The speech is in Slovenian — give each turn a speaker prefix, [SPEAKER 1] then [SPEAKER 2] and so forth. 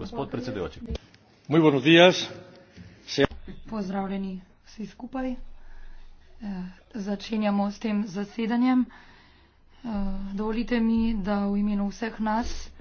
[SPEAKER 1] gospod predsedujoči. Muy buenos días. Se...
[SPEAKER 2] Pozdravljeni vsi skupaj. Eh, začenjamo s tem zasedanjem. Eh, dovolite mi, da v imenu vseh nas